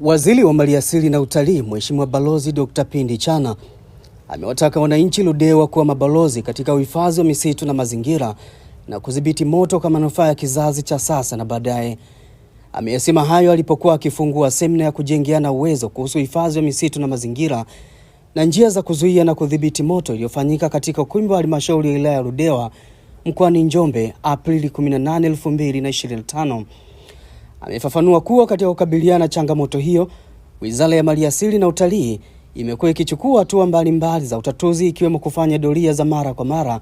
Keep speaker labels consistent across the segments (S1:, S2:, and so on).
S1: Waziri wa Maliasili na Utalii, Mheshimiwa Balozi Dr. Pindi Chana amewataka wananchi Ludewa kuwa mabalozi katika uhifadhi wa misitu na mazingira na kudhibiti moto kwa manufaa ya kizazi cha sasa na baadaye. Ameyasema hayo alipokuwa akifungua semina ya kujengeana uwezo kuhusu uhifadhi wa misitu na mazingira na njia za kuzuia na kudhibiti moto iliyofanyika katika ukumbi wa halmashauri ya wilaya ya Ludewa mkoani Njombe Aprili 18, 2025. Amefafanua kuwa katika kukabiliana changamoto hiyo, Wizara ya Maliasili na Utalii imekuwa ikichukua hatua mbalimbali za utatuzi ikiwemo kufanya doria za mara kwa mara,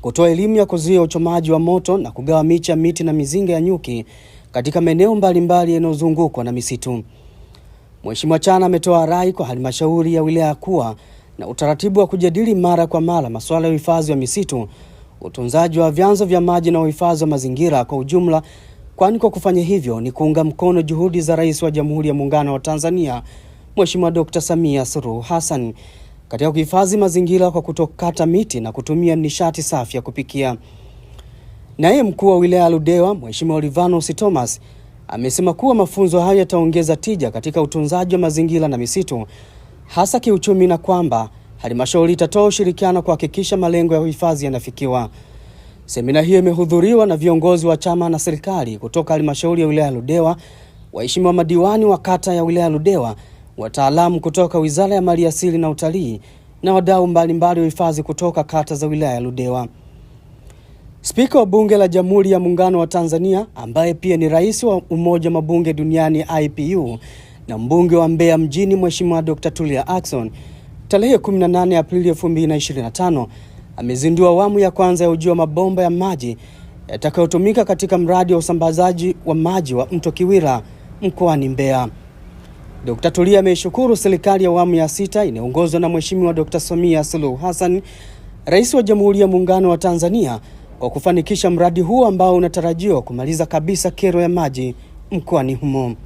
S1: kutoa elimu ya kuzuia uchomaji wa moto na kugawa miche ya miti na mizinga ya nyuki katika maeneo mbalimbali yanayozungukwa na misitu. Mheshimiwa Chana ametoa rai kwa halmashauri ya wilaya kuwa na utaratibu wa kujadili mara kwa mara masuala ya uhifadhi wa misitu, utunzaji wa vyanzo vya maji na uhifadhi wa mazingira kwa ujumla kwani kwa kufanya hivyo ni kuunga mkono juhudi za Rais wa Jamhuri ya Muungano wa Tanzania mweshimiwa d Samia suruhu Hassan katika kuhifadhi mazingira kwa kutokata miti na kutumia nishati safi ya kupikia. Naye mkuu wa wilaya ya Ludewa mweshimiwa olivanos Thomas amesema kuwa mafunzo hayo yataongeza tija katika utunzaji wa mazingira na misitu hasa kiuchumi, na kwamba halmashauri itatoa ushirikiano kuhakikisha malengo ya uhifadhi yanafikiwa. Semina hiyo imehudhuriwa na viongozi wa chama na serikali kutoka halmashauri ya wilaya Ludewa, waheshimiwa madiwani wa kata ya wilaya Ludewa, wataalamu kutoka wizara ya maliasili na utalii na wadau mbalimbali wa hifadhi kutoka kata za wilaya Ludewa.
S2: Spika wa Bunge la Jamhuri ya Muungano wa Tanzania ambaye pia ni rais wa Umoja Mabunge Duniani IPU na mbunge wa Mbeya Mjini, Mheshimiwa Dr. Tulia Ackson tarehe 18 Aprili 2025 amezindua awamu ya kwanza ya ujio wa mabomba ya maji yatakayotumika katika mradi wa usambazaji wa maji wa Mto Kiwira mkoani Mbeya. Dkt. Tulia ameishukuru serikali ya awamu ya sita inayoongozwa na Mheshimiwa Dkt. Samia Suluhu Hassan, Rais wa Jamhuri ya Muungano wa Tanzania kwa kufanikisha mradi huo ambao unatarajiwa kumaliza kabisa kero ya maji mkoani humo.